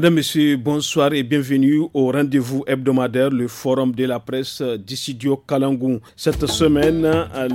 Mesdames, Messieurs, bonsoir et bienvenue au rendez-vous hebdomadaire, le forum de la presse d'Issidio Kalangou. Cette semaine,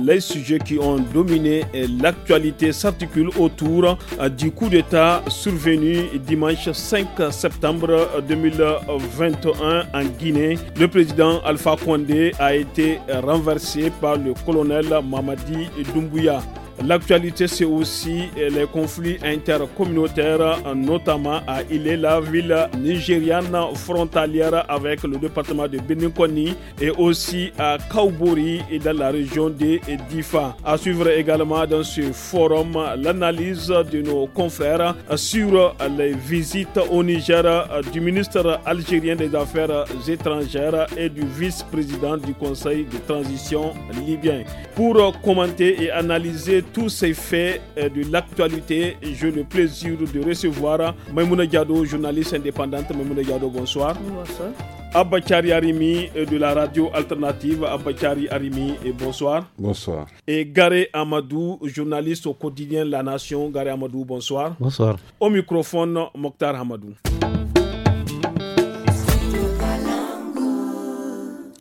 les sujets qui ont dominé l'actualité s'articulent autour du coup d'État survenu dimanche 5 septembre 2021 en Guinée. Le président Alpha Condé a été renversé par le colonel Mamadi Doumbouya. L'actualité, c'est aussi euh, les conflits intercommunautaires, notamment à Ile, la ville nigériane frontalière avec le département de Benikoni et aussi à Kaubori et dans la région de Difa. À suivre également dans ce forum l'analyse de nos confrères sur les visites au Niger du ministre algérien des Affaires étrangères et du vice-président du Conseil de transition libyen. Pour commenter et analyser tous ces faits euh, de l'actualité, j'ai le plaisir de recevoir Maimouna Diado, journaliste indépendante. Maimouna Diado, bonsoir. Bonsoir. Abakari Arimi euh, de la radio alternative. Abakari Arimi, et euh, bonsoir. Bonsoir. Et Garé Amadou, journaliste au quotidien La Nation. Garé Amadou, bonsoir. Bonsoir. Au microphone, Mokhtar Hamadou.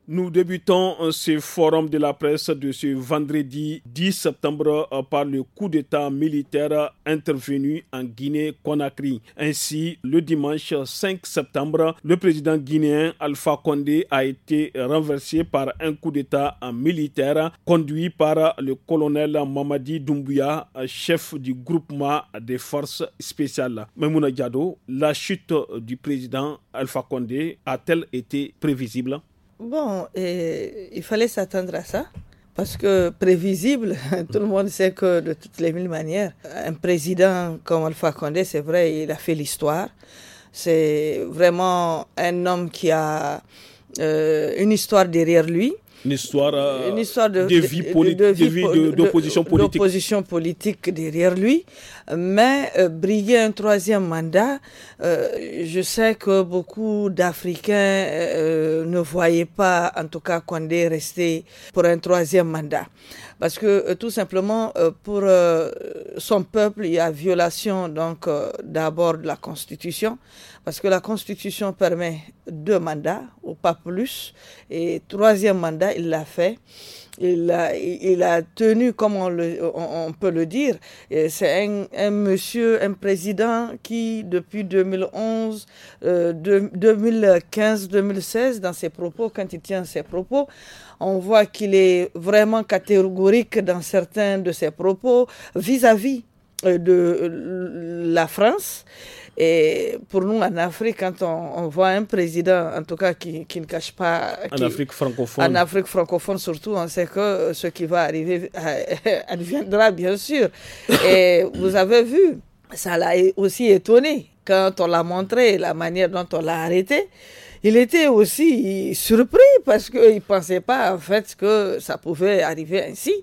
Nous débutons euh, ce forum de la presse de ce vendredi 10 septembre euh, par le coup d'État militaire intervenu en Guinée-Conakry. Ainsi, le dimanche 5 septembre, le président guinéen Alpha Condé a été renversé par un coup d'État militaire conduit par le colonel Mamadi Doumbouya, chef du groupement des forces spéciales. Memouna Diado, la chute du président Alpha Condé a-t-elle été prévisible Bon, il fallait s'attendre à ça. Parce que prévisible, tout le monde sait que de toutes les mille manières, un président comme Alpha Condé, c'est vrai, il a fait l'histoire. C'est vraiment un homme qui a euh, une histoire derrière lui. Euh, une histoire, de, vie d'opposition politique. D'opposition politique derrière lui. Mais euh, briller un troisième mandat, euh, je sais que beaucoup d'Africains ne voyaient pas, en tout cas, Condé rester pour un troisième mandat. Parce que euh, tout simplement, euh, pour euh, son peuple, il y a violation donc d'abord de la Constitution, parce que la Constitution permet deux mandats, ou pas plus, et troisième mandat, il l'a fait il a, il a tenu, comme on, le, on, peut le dire, c'est un, un, monsieur, un président qui, depuis 2011, euh, 2015, 2016, dans ses propos, quand il tient ses propos, on voit qu'il est vraiment catégorique dans certains de ses propos vis-à-vis vis à vis euh, de euh, la France. Et pour nous, en Afrique, quand on, voit un président, en tout cas, qui, qui ne cache pas... en Afrique francophone. En Afrique francophone, surtout, on sait que ce qui va arriver adviendra, bien sûr. Et vous avez vu, ça l'a aussi étonné quand on l'a montré, la manière dont on l'a arrêté il était aussi surpris parce qu'il ne pensait pas en fait que ça pouvait arriver ainsi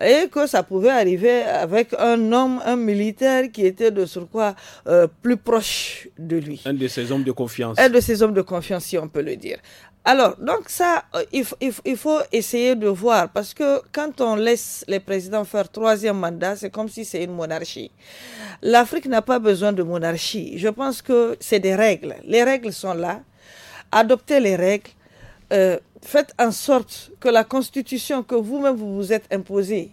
et que ça pouvait arriver avec un homme, un militaire qui était de surcroît euh, plus proche de lui. Un de ses hommes de confiance. Un de ses hommes de confiance, si on peut le dire. Alors, donc ça, euh, il, il, faut essayer de voir, parce que quand on laisse les présidents faire troisième mandat, c'est comme si c'est une monarchie. L'Afrique n'a pas besoin de monarchie. Je pense que c'est des règles. Les règles sont là adoptez les règles, euh, faites en sorte que la constitution que vous-même vous vous êtes imposée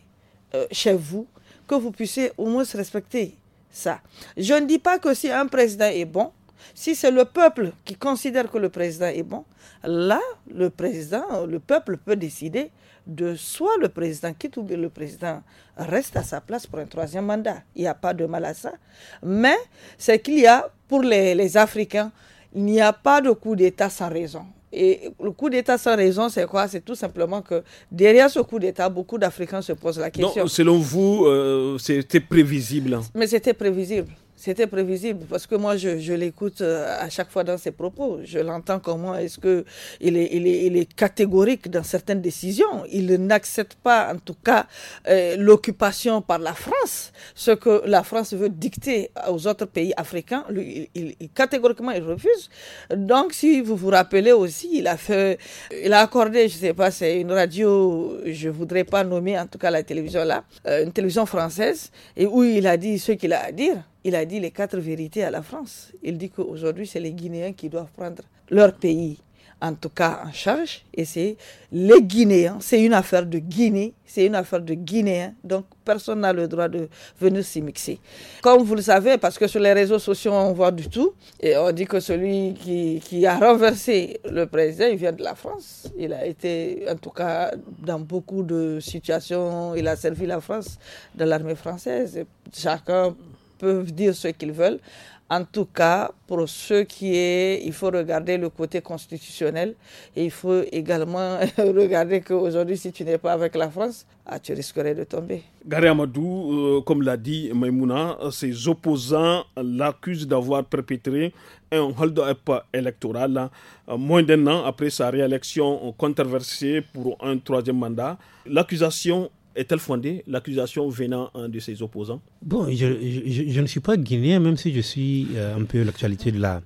euh, chez vous, que vous puissiez au moins respecter ça. Je ne dis pas que si un président est bon, si c'est le peuple qui considère que le président est bon, là, le président, le peuple peut décider de soit le président quitte ou le président reste à sa place pour un troisième mandat. Il n'y a pas de mal à ça. Mais c'est qu'il y a pour les, les Africains il n'y a pas de coup d'État sans raison. Et le coup d'État sans raison, c'est quoi C'est tout simplement que derrière ce coup d'État, beaucoup d'Africains se posent la question. Non, selon vous, euh, c'était prévisible. Hein? Mais c'était prévisible. C'était prévisible parce que moi, je, l'écoute euh, à chaque fois dans ses propos. Je l'entends comment est-ce que il est, il, est, il est catégorique dans certaines décisions. Il n'accepte pas, en tout cas, euh, l'occupation par la France. Ce que la France veut dicter aux autres pays africains, lui, il, il, catégoriquement, il refuse. Donc, si vous vous rappelez aussi, il a fait, il a accordé, je sais pas, c'est une radio, je voudrais pas nommer, en tout cas la télévision là, euh, une télévision française, et où il a dit ce qu'il a à dire il a dit les quatre vérités à la France. Il dit qu'aujourd'hui, c'est les Guinéens qui doivent prendre leur pays, en tout cas en charge. Et c'est les Guinéens, c'est une affaire de Guinée, c'est une affaire de Guinéens. Donc, personne n'a le droit de venir s'y mixer. Comme vous le savez, parce que sur les réseaux sociaux, on voit du tout. Et on dit que celui qui, a renversé le président, il vient de la France. Il a été, en tout cas, dans beaucoup de situations, il a servi la France, de l'armée française. chacun peuvent dire ce qu'ils veulent. En tout cas, pour ce qui est, il faut regarder le côté constitutionnel et il faut également regarder qu'aujourd'hui, si tu n'es pas avec la France, ah, tu risquerais de tomber. Gary Amadou, euh, comme l'a dit Maïmouna, ses opposants l'accusent d'avoir perpétré un hold-up électoral hein. euh, moins d'un an après sa réélection controversée pour un troisième mandat. L'accusation est-elle fondée, l'accusation venant de ses opposants Bon, je, ne suis pas guinéen, même si je suis euh, un peu l'actualité de la,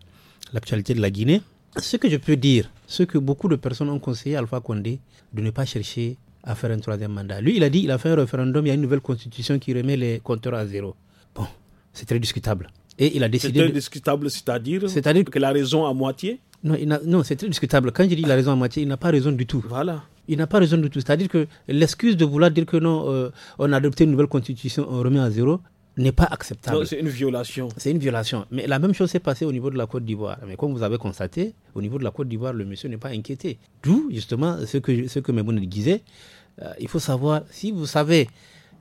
l'actualité de la Guinée. Ce que je peux dire, ce que beaucoup de personnes ont conseillé à Alpha Condé de ne pas chercher à faire un troisième mandat. Lui, il a dit il a fait un référendum, il y a une nouvelle constitution qui remet les compteurs à zéro. Bon, c'est très discutable. Et il a décidé. C'est très discutable, c'est-à-dire, c'est-à-dire que la raison à moitié Non, non c'est très discutable. Quand je dis la raison à moitié, il n'a pas raison du tout. Voilà. Il n'a pas raison du tout. C'est-à-dire que l'excuse de vouloir dire que non, euh, on a adopté une nouvelle constitution, on remet à zéro, n'est pas acceptable. C'est une violation. C'est une violation. Mais la même chose s'est passée au niveau de la Côte d'Ivoire. Mais comme vous avez constaté, au niveau de la Côte d'Ivoire, le monsieur n'est pas inquiété. D'où, justement, ce que, ce que Mémoun disait, euh, il faut savoir, si vous savez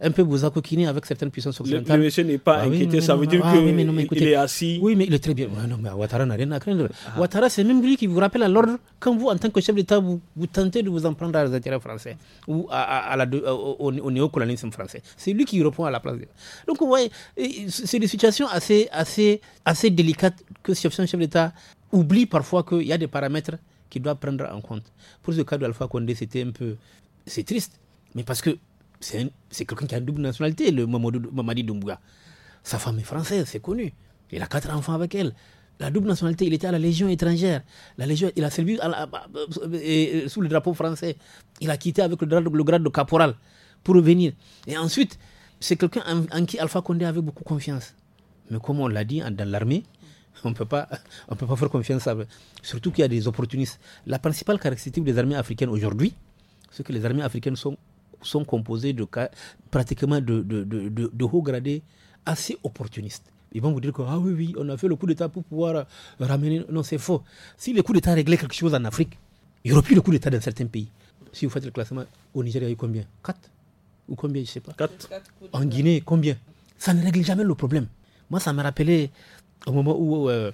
un peu vous accoquiner avec certaines puissances occidentales. Le, monsieur n'est pas ah inquiété, ça veut dire qu'il ah, est assis. Oui, mais il est très bien. non, mais Ouattara n'a rien à craindre. Ah. Ouattara, c'est même lui qui vous rappelle à l'ordre quand vous, en tant que chef d'État, vous, tentez de vous en prendre à l'intérêt français ou au, néocolonialisme français. C'est lui qui répond à la place. Donc, vous voyez, c'est des situations assez, assez, assez délicates que un chef d'État oublie parfois qu'il y a des paramètres qu'il doit prendre en compte. Pour ce cas de d'Alpha Condé, c'était un peu. C'est triste, mais parce que c'est quelqu'un qui a une double nationalité, le Mamadi Dumbuya. Sa femme est française, c'est connu. Il a quatre enfants avec elle. La double nationalité, il était à la Légion étrangère. La Légion, il a servi sous le drapeau français. Il a quitté avec le, grade de caporal pour revenir. Et ensuite, c'est quelqu'un en, qui Alpha Condé avait beaucoup confiance. Mais comme on l'a dit, dans l'armée, on ne peut pas faire confiance. À, surtout qu'il y a des opportunistes. La principale caractéristique des armées africaines aujourd'hui, c'est que les armées africaines sont sont composés de cas pratiquement de, de, haut gradés assez opportunistes. Ils vont vous dire que, ah oui, oui, on a fait le coup d'État pour pouvoir euh, ramener. Non, c'est faux. Si le coup d'État réglait quelque chose en Afrique, il n'y aurait plus le coup d'État dans certains pays. Si vous faites le classement, au Nigeria, il y a eu combien Quatre Ou combien, je ne sais pas. 4. En Guinée, combien Ça ne règle jamais le problème. Moi, ça me rappelait au moment où euh,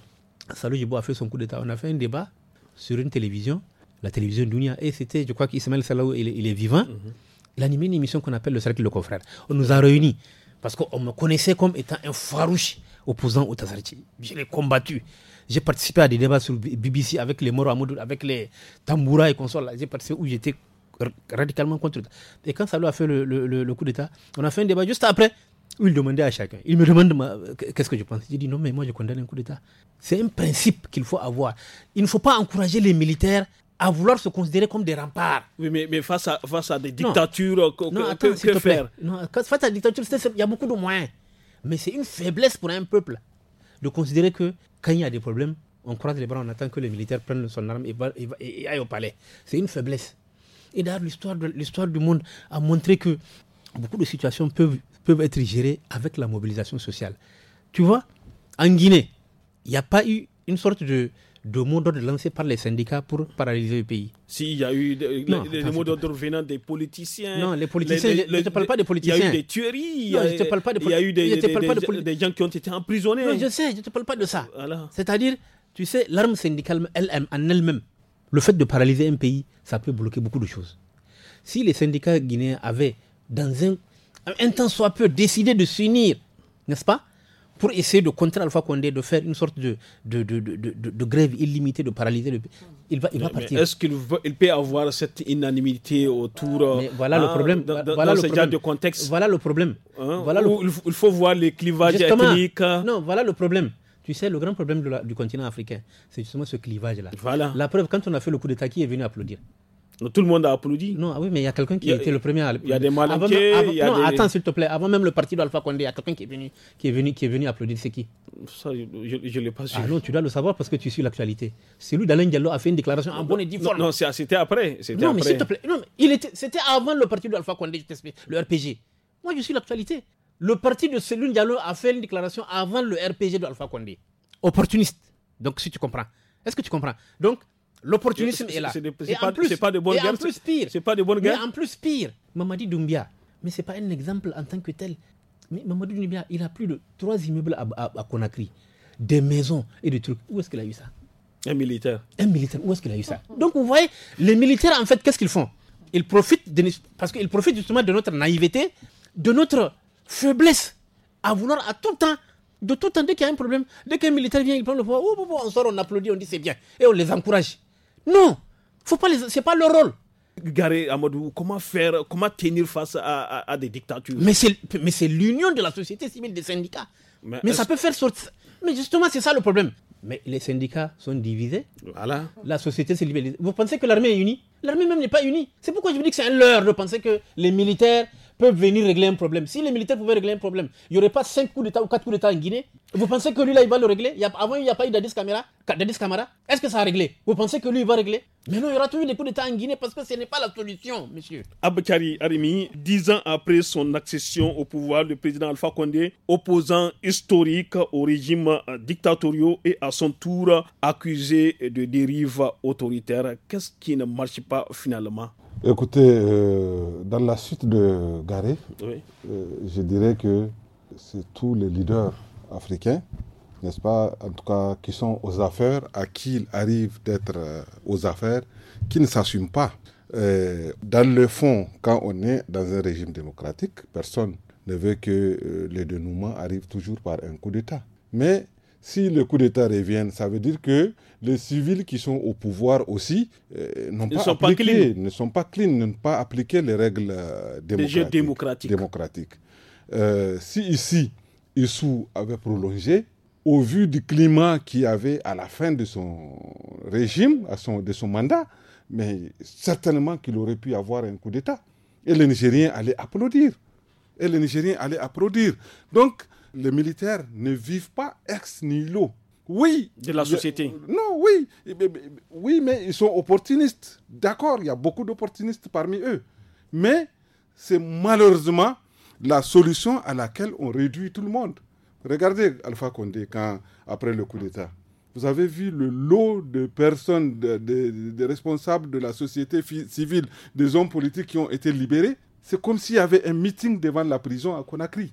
Salou a fait son coup d'État. On a fait un débat sur une télévision, la télévision Dunia, et c'était, je crois qu'Ismaël Salou, il, il, est vivant. Mm-hmm. Il animé une émission qu'on appelle le cercle le confrères. On nous a réunis parce qu'on me connaissait comme étant un farouche opposant au Tazarti. Je l'ai combattu. J'ai participé à des débats sur BBC avec les Moro avec les Tamboura et consorts. J'ai participé où j'étais radicalement contre. Et quand Salou a fait le, coup d'État, on a fait un débat juste après où il demandait à chacun. Il me demande qu'est-ce que je pense. J'ai dit non, mais moi je condamne un coup d'État. C'est un principe qu'il faut avoir. Il ne faut pas encourager les militaires à vouloir se considérer comme des remparts. Oui, mais, mais face, à, face à des dictatures, euh, Que, faire non, Face à des dictatures, il y a beaucoup de moyens. Mais c'est une faiblesse pour un peuple de considérer que quand il y a des problèmes, on croise les bras, on attend que les militaires prennent son arme et, va, au palais. C'est une faiblesse. Et d'ailleurs, l'histoire du monde a montré que beaucoup de situations peuvent, peuvent être gérées avec la mobilisation sociale. Tu vois, en Guinée, il n'y a pas eu une sorte de, de mots d'ordre lancés par les syndicats pour paralyser le pays. Si, il y a eu des, mots d'ordre venant des politiciens. Non, les politiciens, je ne te parle pas des politiciens. Il y a eu des tueries. je te parle pas Il y a eu des, gens qui ont été emprisonnés. Non, je sais, je ne te parle pas de ça. C'est-à-dire, tu sais, l'arme syndicale elle, en elle-même, le fait de paralyser un pays, ça peut bloquer beaucoup de choses. Si les syndicats guinéens avaient, dans un, un temps soit peu, décidé de s'unir, n'est-ce pas pour essayer de contrer Alpha Condé de faire une sorte de, de, de, de, de grève illimitée, de paralyser le pays. Il va, il va partir. Est-ce qu'il il peut avoir cette unanimité autour. Mais voilà le hein, problème. voilà ce le genre de contexte. Voilà le problème. Hein, voilà Il, faut, voir les clivages justement, Non, voilà le problème. Tu sais, le grand problème du continent africain, c'est justement ce clivage-là. Voilà. La preuve, quand on a fait le coup d'État, qui est venu applaudir tout le monde a applaudi. Non, ah oui, mais il y a quelqu'un qui a, été le premier à Il y a des malades. non, attends, s'il te plaît. Avant même le parti d'Alpha Condé, il y a quelqu'un qui est venu, qui est venu, qui est venu applaudir. C'est qui Ça, je ne l'ai pas su. Ah non, tu dois le savoir parce que tu suis l'actualité. Celui d'Alain Diallo a fait une déclaration en bonne et due Non, c'était après. Non, mais s'il te plaît. Non, mais il était, c'était avant le parti d'Alpha Condé, le RPG. Moi, je suis l'actualité. Le parti de Céline Diallo a fait une déclaration avant le RPG d'Alpha Condé. Opportuniste. Donc, si tu comprends. Est-ce que tu comprends Donc, L'opportunisme est, là. C'est pas, pas, de bonne guerre. C'est pas de bonne guerre. Mais en plus, pire, Mamadi Doumbia, mais c'est pas un exemple en tant que tel. Mais Mamadi Doumbia, il a plus de trois immeubles à, Conakry, des maisons et des trucs. Où est-ce qu'il a eu ça Un militaire. Un militaire, où est-ce qu'il a eu ça Donc vous voyez, les militaires, en fait, qu'est-ce qu'ils font Ils profitent, parce qu'ils profitent justement de notre naïveté, de notre faiblesse à vouloir à tout temps de tout temps, dès qu'il y a un problème, dès qu'un militaire vient, il prend le pouvoir, oh, oh, oh, on sort, on applaudit, on dit c'est bien. Et on les encourage. Non, faut pas c'est pas leur rôle. à Amadou, comment faire, comment tenir face à, des dictatures Mais c'est l'union de la société civile des syndicats. Mais, ça peut faire sorte. Mais justement, c'est ça le problème. Mais les syndicats sont divisés. Voilà. La société s'est libérée. Vous pensez que l'armée est unie L'armée même n'est pas unie. C'est pourquoi je vous dis que c'est un leurre de penser que les militaires peuvent venir régler un problème. Si les militaires pouvaient régler un problème, il n'y aurait pas 5 coups d'État ou 4 coups d'État en Guinée. Vous pensez que lui, là, il va le régler Avant, il n'y a pas eu d'Addis Camara. Est-ce que ça a réglé Vous pensez que lui, il va régler Mais non, il y aura toujours des coups d'État en Guinée parce que ce n'est pas la solution, monsieur. Abakari Arimi, 10 ans après son accession au pouvoir, le président Alpha Condé, opposant historique au régime dictatorial et à son tour accusé de dérive autoritaire, qu'est-ce qui ne marche pas finalement Écoutez, euh, dans la suite de Garé, euh, je dirais que c'est tous les leaders africains, n'est-ce pas, en tout cas, qui sont aux affaires, à qui il arrive d'être euh, aux affaires, qui ne s'assument pas. dans le fond, quand on est dans un régime démocratique, personne ne veut que les dénouements arrive toujours par un coup d'État. Mais si le coup d'État revient, ça veut dire que les civils qui sont au pouvoir aussi euh, n'ont pas appliqué, ne sont pas clean, pas les règles euh, démocratiques. Euh, si ici, Issou avait prolongé, au vu du climat qu'il avait à la fin de son régime, de son mandat, mais certainement qu'il aurait pu avoir un coup d'État. Et les Nigériens allaient applaudir. Et les Nigériens allaient applaudir. Donc, les militaires ne vivent pas ex nihilo. Oui. De la société. Non, oui. Eh oui, mais ils sont opportunistes. D'accord, il y a beaucoup d'opportunistes parmi eux. Mais c'est malheureusement la solution à laquelle on réduit tout le monde. Regardez Alpha Condé quand, après le coup d'État. Vous avez vu le lot de personnes, de, responsables de la société civile, des hommes politiques qui ont été libérés. C'est comme s'il y avait un meeting devant la prison à Conakry.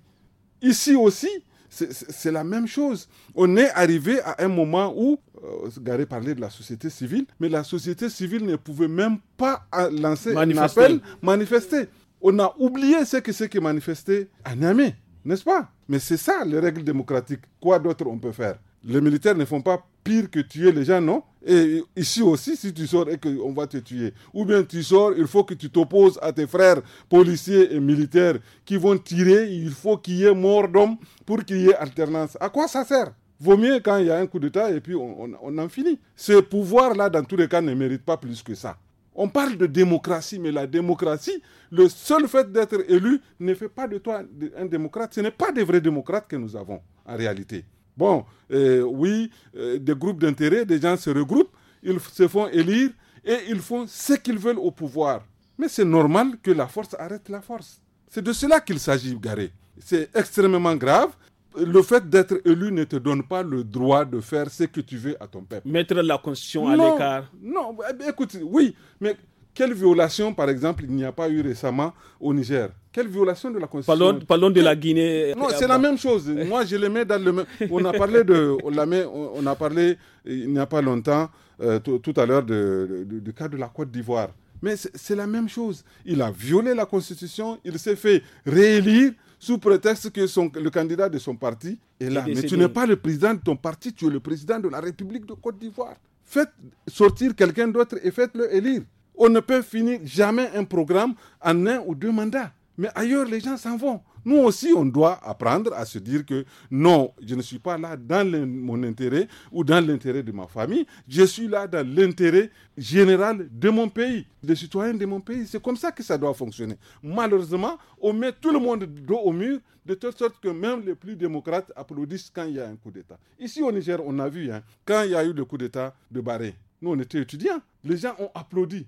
Ici aussi, c'est la même chose. On est arrivé à un moment où, euh, Garé parlait de la société civile, mais la société civile ne pouvait même pas euh, lancer un appel manifester. On a oublié ce que c'est que manifester à Niamey, n'est-ce pas Mais c'est ça les règles démocratiques. Quoi d'autre on peut faire Les militaires ne font pas pire que tuer les gens, non et ici aussi, si tu sors et qu'on va te tuer. Ou bien tu sors, il faut que tu t'opposes à tes frères policiers et militaires qui vont tirer. Il faut qu'il y ait mort d'homme pour qu'il y ait alternance. À quoi ça sert Vaut mieux quand il y a un coup d'État et puis on, on en finit. Ce pouvoir-là, dans tous les cas, ne mérite pas plus que ça. On parle de démocratie, mais la démocratie, le seul fait d'être élu ne fait pas de toi un démocrate. Ce n'est pas des vrais démocrates que nous avons en réalité. Bon, euh, oui, euh, des groupes d'intérêt, des gens se regroupent, ils se font élire et ils font ce qu'ils veulent au pouvoir. Mais c'est normal que la force arrête la force. C'est de cela qu'il s'agit, Garé. C'est extrêmement grave. Le fait d'être élu ne te donne pas le droit de faire ce que tu veux à ton peuple. Mettre la Constitution à l'écart. Non, bah, écoute, oui, mais quelle violation, par exemple, il n'y a pas eu récemment au Niger Quelle violation de la Constitution Parlons, de la Guinée. Non, euh, c'est la même chose. Eh. Moi, je le mets dans le même. On a parlé de. On, on a parlé il n'y a pas longtemps, euh, tout à l'heure, du cas de la Côte d'Ivoire. Mais c'est la même chose. Il a violé la Constitution, il s'est fait réélire sous prétexte que le candidat de son parti est là. Mais tu n'es pas le président de ton parti, tu es le président de la République de Côte d'Ivoire. Faites sortir quelqu'un d'autre et faites-le élire. On ne peut finir jamais un programme en un ou deux mandats. Mais ailleurs, les gens s'en vont. Nous aussi, on doit apprendre à se dire que non, je ne suis pas là dans mon intérêt ou dans l'intérêt de ma famille. Je suis là dans l'intérêt général de mon pays, des citoyens de mon pays. C'est comme ça que ça doit fonctionner. Malheureusement, on met tout le monde dos au mur de telle sorte que même les plus démocrates applaudissent quand il y a un coup d'État. Ici au Niger, on a vu, hein, quand il y a eu le coup d'État de Barré, nous on était étudiants, les gens ont applaudi.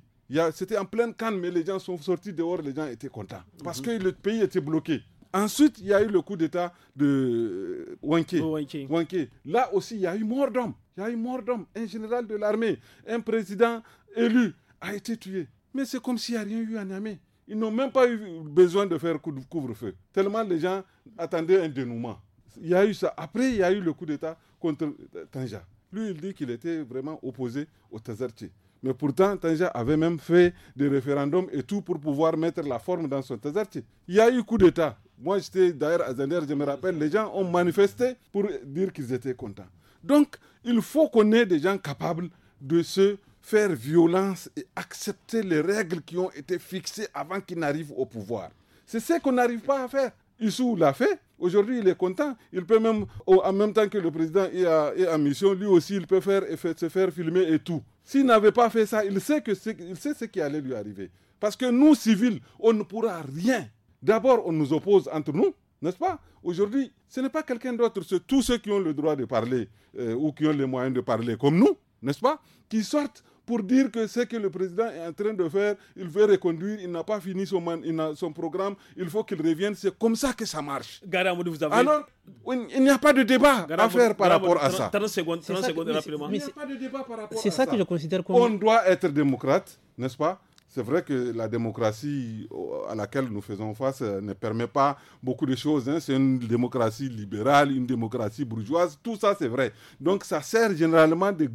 C'était en pleine canne, mais les gens sont sortis dehors, les gens étaient contents. Parce que le pays était bloqué. Ensuite, il y a eu le coup d'État de euh, Wanké. Là aussi, il y a eu mort d'homme. Il y a eu mort d'homme. Un général de l'armée, un président élu a été tué. Mais c'est comme s'il n'y a rien eu à Niamey. Ils n'ont même pas eu besoin de faire couvre-feu. Tellement les gens attendaient un dénouement. Il y a eu ça. Après, il y a eu le coup d'État contre Tanja. Lui, il dit qu'il était vraiment opposé au Tazarti. Mais pourtant, Tanja avait même fait des référendums et tout pour pouvoir mettre la forme dans son article. Il y a eu coup d'État. Moi, j'étais d'ailleurs à Zender, je me rappelle, les gens ont manifesté pour dire qu'ils étaient contents. Donc, il faut qu'on ait des gens capables de se faire violence et accepter les règles qui ont été fixées avant qu'ils n'arrivent au pouvoir. C'est ce qu'on n'arrive pas à faire. Issou l'a fait. Aujourd'hui, il est content. Il peut même, en même temps que le président est, en mission, lui aussi, il peut faire, se faire filmer et tout. S'il n'avait pas fait ça, il sait, sait ce qui allait lui arriver. Parce que nous, civils, on ne pourra rien. D'abord, on nous oppose entre nous, n'est-ce pas Aujourd'hui, ce n'est pas quelqu'un d'autre, tous ceux qui ont le droit de parler euh, ou qui ont les moyens de parler comme nous, n'est-ce pas Qui sortent pour dire que ce que le président est en train de faire, il veut reconduire, il n'a pas fini son, programme, il faut qu'il revienne. C'est comme ça que ça marche. Alors, il n'y a pas de débat à faire par rapport à ça. Il n'y a pas de débat par rapport à ça. C'est ça que je considère comme... On doit être démocrate, n'est-ce pas c'est vrai que la démocratie euh, à laquelle nous faisons face euh, ne permet pas beaucoup de choses. Hein. C'est une démocratie libérale, une démocratie bourgeoise, tout ça c'est vrai. Donc ça sert généralement des,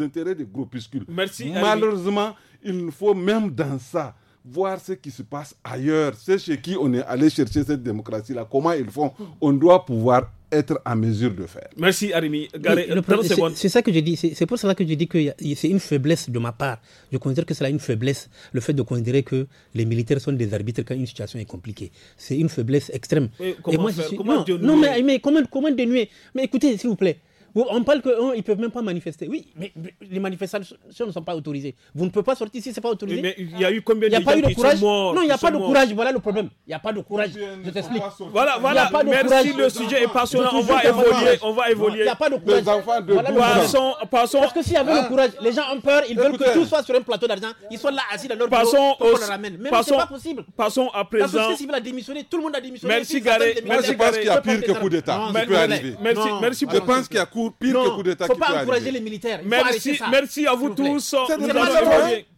intérêts des groupuscules. Merci. Malheureusement, il faut même dans ça voir ce qui se passe ailleurs. C'est chez qui on est allé chercher cette démocratie-là, comment ils font. Hmm. On doit pouvoir être en mesure de faire. Merci Arimi. c'est ça que je dis. C'est pour cela que je dis que c'est une faiblesse de ma part. Je considère que c'est une faiblesse, le fait de considérer que les militaires sont des arbitres quand une situation est compliquée. C'est une faiblesse extrême. Et comment moi, non, mais, comment, comment dénuer Mais écoutez, s'il vous plaît on parle qu'ils ne peuvent même pas manifester. Oui, mais les manifestations ne sont pas autorisées. Vous ne pouvez pas sortir si ce n'est pas autorisé. Mais il y a eu combien de gens qui courage. morts Non, il n'y a pas de courage. Voilà le problème. Il n'y a pas de courage. Je t'explique. Voilà, voilà. Merci, le sujet est passionnant. On va évoluer. On va évoluer. Il n'y a pas de courage. Passons, passons. Parce que s'il y avait le courage, les gens ont peur. Ils veulent que tout soit sur un plateau d'argent. Ils sont là assis dans leur passons bureau. Passons. ramène. Mais c'est pas possible. Passons à présent. La société civile a démissionné. Tout le monde a démissionné. Merci, Garé. Merci parce qu'il y a pire que coup d'État. Merci. Je pense qu'il pire non, que coup d'État. Faut pas encourager les militaires. Merci, merci à vous, tous. vous tous. Nous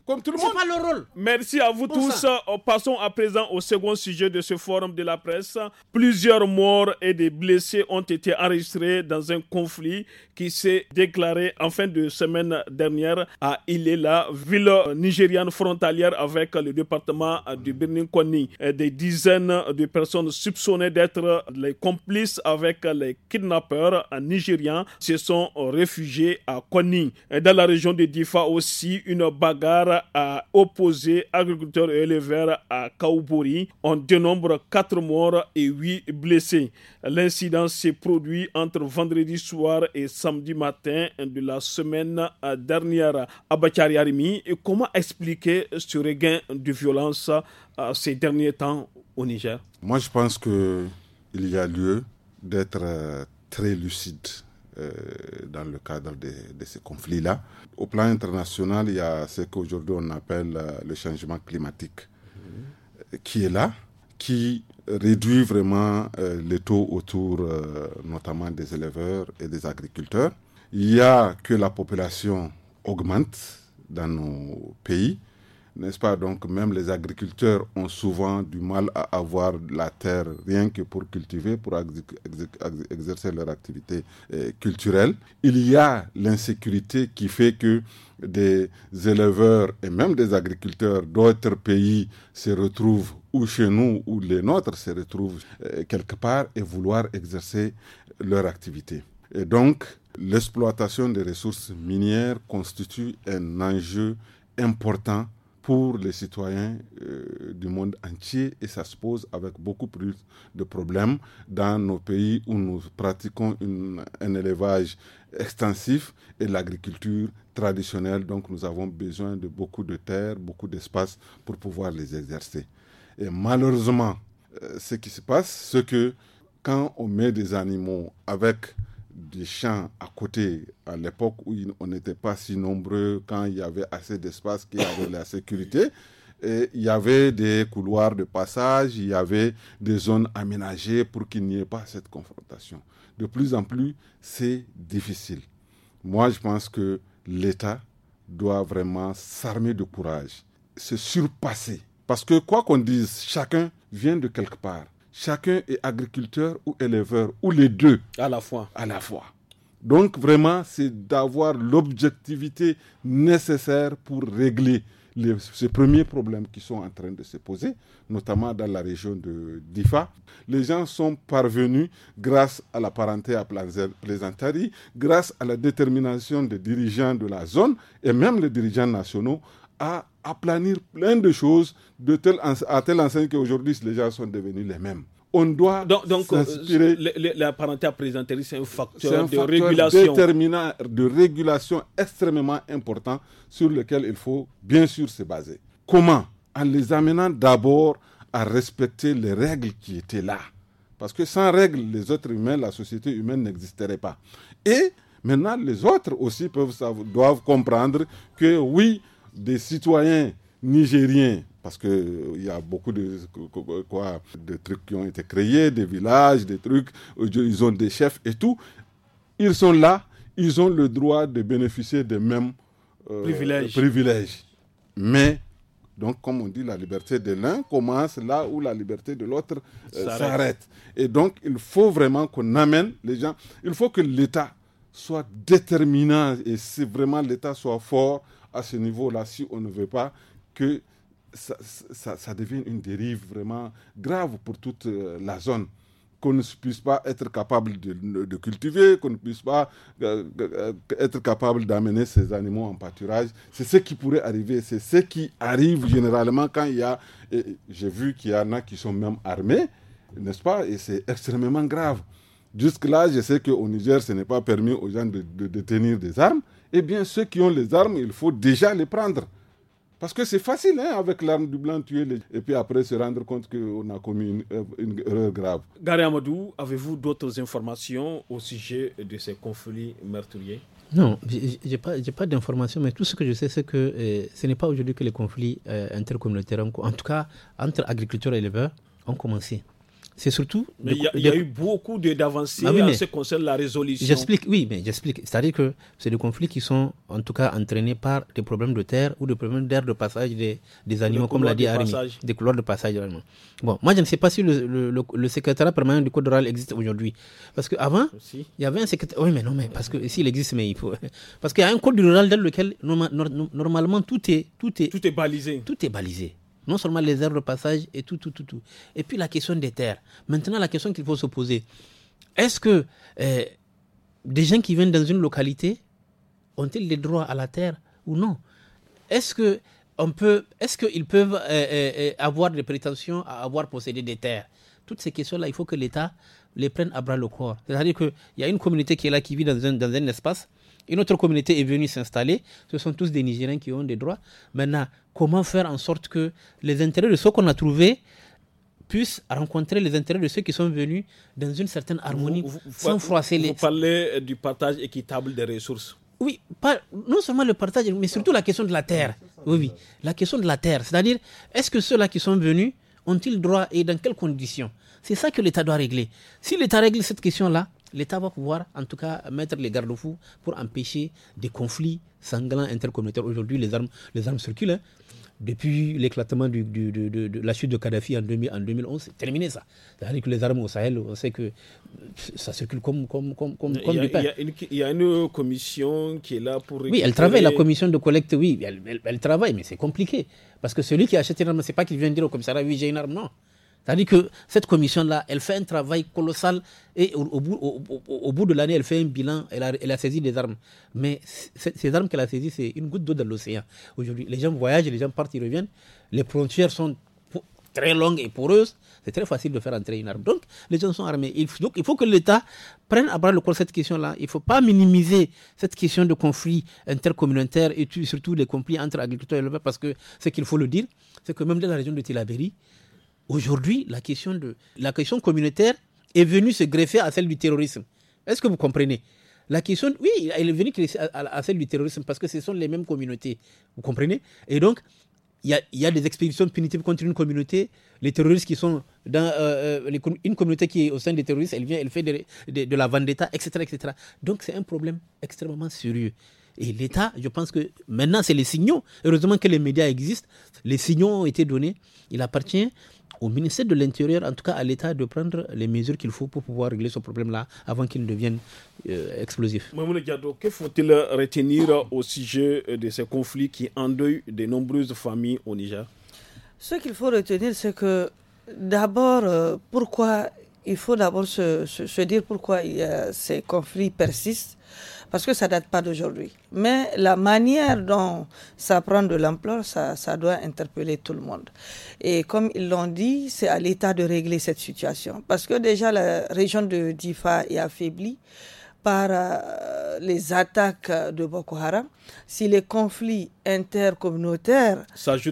comme tout le monde. rôle. Merci à vous tous. Euh, passons à présent au second sujet de ce forum de la presse. Plusieurs morts et des blessés ont été enregistrés dans un conflit qui s'est déclaré en fin de semaine dernière à Ilela, ville nigériane frontalière avec le département du benin koni euh, Des dizaines de personnes soupçonnées d'être les complices avec les kidnappeurs nigérians se sont réfugiés à Koni. Euh, dans la région de Difa aussi, une bagarre a opposé agriculteurs et éleveurs à Kaoubori On dénombre 4 morts et 8 blessés. L'incident s'est produit entre vendredi soir et samedi matin de la semaine euh, dernière. Abakari Arimi, comment expliquer ce regain de violence euh, ces derniers temps au Niger Moi, je pense qu'il y a lieu d'être euh, très lucide euh, dans le cadre de, ces conflits-là. Au plan international, il y a ce qu'aujourd'hui on appelle euh, le changement climatique euh, qui est là, qui réduit vraiment les taux autour notamment des éleveurs et des agriculteurs. Il y a que la population augmente dans nos pays n'est-ce pas Donc même les agriculteurs ont souvent du mal à avoir la terre rien que pour cultiver, pour exercer leur activité euh, culturelle. Il y a l'insécurité qui fait que des éleveurs et même des agriculteurs d'autres pays se retrouvent ou chez nous ou les nôtres se retrouvent euh, quelque part et vouloir exercer leur activité. Et donc, l'exploitation des ressources minières constitue un enjeu important pour les citoyens euh, du monde entier et ça se pose avec beaucoup plus de problèmes dans nos pays où nous pratiquons un élevage extensif et l'agriculture traditionnelle. Donc nous avons besoin de beaucoup de terres, beaucoup d'espace pour pouvoir les exercer. Et malheureusement, euh, ce qui se passe, c'est que quand on met des animaux avec des champs à côté, à l'époque où on n'était pas si nombreux, quand il y avait assez d'espace, qu'il y avait la sécurité. Et il y avait des couloirs de passage, il y avait des zones aménagées pour qu'il n'y ait pas cette confrontation. De plus en plus, c'est difficile. Moi, je pense que l'État doit vraiment s'armer de courage, se surpasser. Parce que quoi qu'on dise, chacun vient de quelque part chacun est agriculteur ou éleveur, ou les deux. À la fois. À la fois. Donc vraiment, c'est d'avoir l'objectivité nécessaire pour régler ces premiers problèmes qui sont en train de se poser, notamment dans la région de d'Ifa. Les gens sont parvenus grâce à la parenté à présentari, grâce à la détermination des dirigeants de la zone et même les dirigeants nationaux à aplanir plein de choses de à telle enseigne qu'aujourd'hui les gens sont devenus les mêmes. On doit donc, donc euh, la parenté présenter, c'est un facteur, de régulation. déterminant de régulation extrêmement important sur lequel il faut bien sûr se baser. Comment En les amenant d'abord à respecter les règles qui étaient là. Parce que sans règles, les autres humains, la société humaine n'existerait pas. Et maintenant, les autres aussi peuvent, doivent comprendre que oui, des citoyens nigériens, parce qu'il euh, y a beaucoup de, quoi, de trucs qui ont été créés, des villages, des trucs, euh, ils ont des chefs et tout, ils sont là, ils ont le droit de bénéficier des mêmes euh, privilèges. privilèges. Mais donc, comme on dit, la liberté de l'un commence là où la liberté de l'autre s'arrête. Et donc, il faut vraiment qu'on amène les gens. Il faut que l'État soit déterminant et si vraiment l'État soit fort à ce niveau-là si on ne veut pas que ça, devienne une dérive vraiment grave pour toute euh, la zone qu'on ne puisse pas être capable de, cultiver, qu'on ne puisse pas euh, euh, être capable d'amener ces animaux en pâturage. C'est ce qui pourrait arriver, c'est ce qui arrive généralement quand il y a, j'ai vu qu'il y en a qui sont même armés, n'est-ce pas, et c'est extrêmement grave. Jusque-là, je sais qu'au Niger, ce n'est pas permis aux gens de, de, de tenir des armes, eh bien, ceux qui ont les armes, il faut déjà les prendre. Parce que c'est facile, hein, avec l'arme du blanc, tuer les... et puis après se rendre compte qu'on a commis une, erreur grave. Gary Amadou, avez-vous d'autres informations au sujet de ces conflits meurtriers non, je n'ai pas, pas d'informations, mais tout ce que je sais, c'est que eh, ce n'est pas aujourd'hui que les conflits eh, intercommunautaires, en tout cas entre agriculteurs et éleveurs, ont commencé c'est surtout. Mais il y, a eu beaucoup d'avancées ah oui, en ce qui concerne la résolution. J'explique, oui, mais j'explique. C'est-à-dire que c'est des conflits qui sont en tout cas entraînés par des problèmes de terre ou des problèmes d'air de passage des, des animaux, comme l'a dit Arimi. Des couloirs de passage. Vraiment. Bon, moi je ne sais pas si le, le, secrétariat permanent du Code rural existe aujourd'hui. Parce qu'avant, il y avait un secrétaire. Oui, mais non, mais parce que s'il existe, mais il faut. Parce qu'il y a un code rural dans lequel normalement tout est, tout est. Tout est balisé. Tout est balisé. Non seulement les aires de passage et tout, tout, tout, tout. Et puis la question des terres. Maintenant, la question qu'il faut se poser, est-ce que euh, des gens qui viennent dans une localité ont-ils des droits à la terre ou non Est-ce que on peut, est-ce qu'ils peuvent euh, euh, avoir des prétentions à avoir possédé des terres Toutes ces questions-là, il faut que l'État les prenne à bras le corps. C'est-à-dire qu'il y a une communauté qui est là, qui vit dans un espace, une autre communauté est venue s'installer. Ce sont tous des Nigériens qui ont des droits. Maintenant, comment faire en sorte que les intérêts de ceux qu'on a trouvés puissent rencontrer les intérêts de ceux qui sont venus dans une certaine harmonie, sans froisser les... Vous parlez euh, du partage équitable des ressources. Oui, pas, non seulement le partage, mais surtout la question de la terre. Oui, oui, la question de la terre. C'est-à-dire, est-ce que ceux-là qui sont venus ont-ils droit et dans quelles conditions C'est ça que l'État doit régler. Si l'État règle cette question-là, l'État va pouvoir en tout cas mettre les garde-fous pour empêcher des conflits sanglants intercommunautaires. Aujourd'hui, les armes, les armes circulent. Hein. Depuis l'éclatement de, la chute de Kadhafi en, 2011, c'est terminé ça. C'est-à-dire que les armes au Sahel, on sait que ça circule comme, comme, comme, comme, il a, du pain. Il y, a une, commission qui est là pour. Oui, elle travaille, la commission de collecte, oui, elle, travaille, mais c'est compliqué. Parce que celui qui achète une arme, n'est pas qu'il vient dire au commissariat, oui, j'ai une arme, non. C'est-à-dire que cette commission-là, elle fait un travail colossal et au, bout, de l'année, elle fait un bilan, elle a, elle a, saisi des armes. Mais ces armes qu'elle a saisies, c'est une goutte d'eau dans l'océan. Aujourd'hui, les gens voyagent, les gens partent, ils reviennent. Les frontières sont très longues et poreuses. C'est très facile de faire entrer une arme. Donc, les gens sont armés. donc, il faut que l'État prenne à bras le corps cette question-là. Il ne faut pas minimiser cette question de conflit intercommunautaire et surtout les conflits entre agriculteurs et éleveurs parce que ce qu'il faut le dire, c'est que même dans la région de Tilabéry, Aujourd'hui, la question, de, la question communautaire est venue se greffer à celle du terrorisme. Est-ce que vous comprenez la question, oui, elle est venue à, celle du terrorisme parce que ce sont les mêmes communautés. Vous comprenez Et donc, il y a, des expéditions punitives contre une communauté. Les terroristes qui sont dans euh, euh, une communauté qui est au sein des terroristes, elle vient, elle fait de, la vendetta, etc. etc. Donc, c'est un problème extrêmement sérieux. Et l'État, je pense que maintenant, c'est les signaux. Heureusement que les médias existent. Les signaux ont été donnés. Il appartient au ministère de l'Intérieur, en tout cas à l'État, de prendre les mesures qu'il faut pour pouvoir régler ce problème-là avant qu'il ne devienne euh, explosif. Mamoun Diado, que faut-il retenir au sujet de ces conflits qui endeuillent de nombreuses familles au Niger Ce qu'il faut retenir, c'est que d'abord, euh, pourquoi il faut d'abord se, dire pourquoi euh, ces conflits persistent parce que ça date pas d'aujourd'hui. Mais la manière dont ça prend de l'ampleur, ça, ça doit interpeller tout le monde. Et comme ils l'ont dit, c'est à l'État de régler cette situation, parce que déjà la région de Difa est affaiblie par euh, les attaques de Boko Haram. Si les conflits intercommunautaire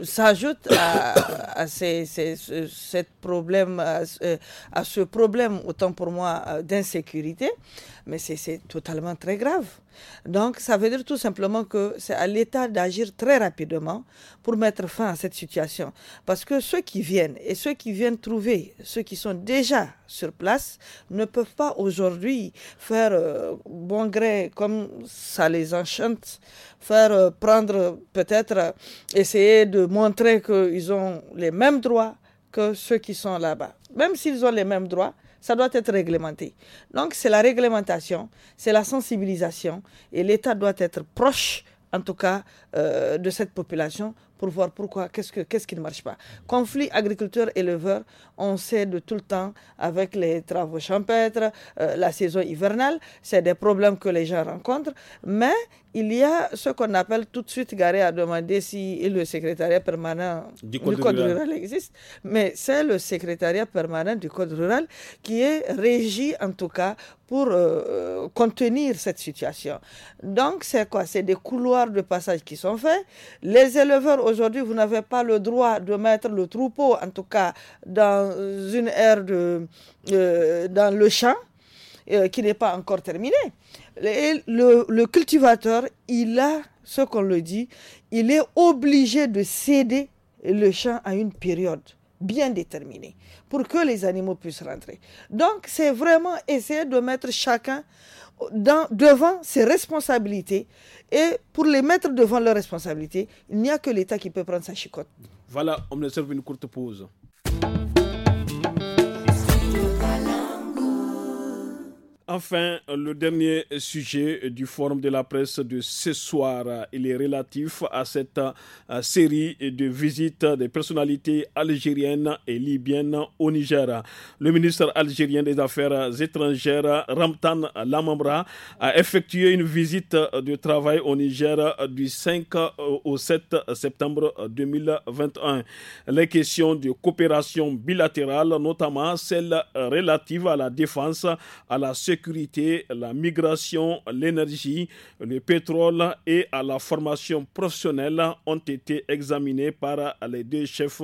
s'ajoute à, ce, cette problème, à problème, autant pour moi, euh, d'insécurité, mais c'est totalement très grave. Donc, ça veut dire tout simplement que c'est à l'État d'agir très rapidement pour mettre fin à cette situation. Parce que ceux qui viennent et ceux qui viennent trouver, ceux qui sont déjà sur place, ne peuvent pas aujourd'hui faire euh, bon gré comme ça les enchante, faire euh, prendre peut-être euh, essayer de montrer qu'ils ont les mêmes droits que ceux qui sont là-bas. Même s'ils ont les mêmes droits, ça doit être réglementé. Donc c'est la réglementation, c'est la sensibilisation, et l'État doit être proche, en tout cas, euh, de cette population pour voir pourquoi, qu'est-ce, qui ne marche pas. Conflit agriculteur-éleveur, on sait de tout le temps avec les travaux champêtres, euh, la saison hivernale, c'est des problèmes que les gens rencontrent, mais il y a ce qu'on appelle tout de suite, Garé a demandé si le secrétariat permanent du Code, rural. existe, mais c'est le secrétariat permanent du Code rural qui est régi en tout cas pour euh, euh, contenir cette situation. Donc c'est quoi C'est des couloirs de passage qui sont faits. Les éleveurs aujourd'hui, vous n'avez pas le droit de mettre le troupeau, en tout cas dans une aire de, euh, dans le champ qui n'est pas encore terminée le, cultivateur, il a ce qu'on le dit, il est obligé de céder le champ à une période bien déterminée pour que les animaux puissent rentrer. Donc, c'est vraiment essayer de mettre chacun dans, devant ses responsabilités et pour les mettre devant leurs responsabilités, il n'y a que l'État qui peut prendre sa chicotte. Voilà, on me serve une courte pause. Enfin, le dernier sujet du forum de la presse de ce soir, il est relatif à cette euh, série de visites des personnalités algériennes et libyennes au Niger. Le ministre algérien des Affaires étrangères, Ramtan Lamamra, a effectué une visite de travail au Niger du 5 euh, au 7 septembre 2021. Les questions de coopération bilatérale, notamment celles relatives à la défense, à la sécurité, sécurité, la migration, l'énergie, le pétrole et à la formation professionnelle ont été examinés par les deux chefs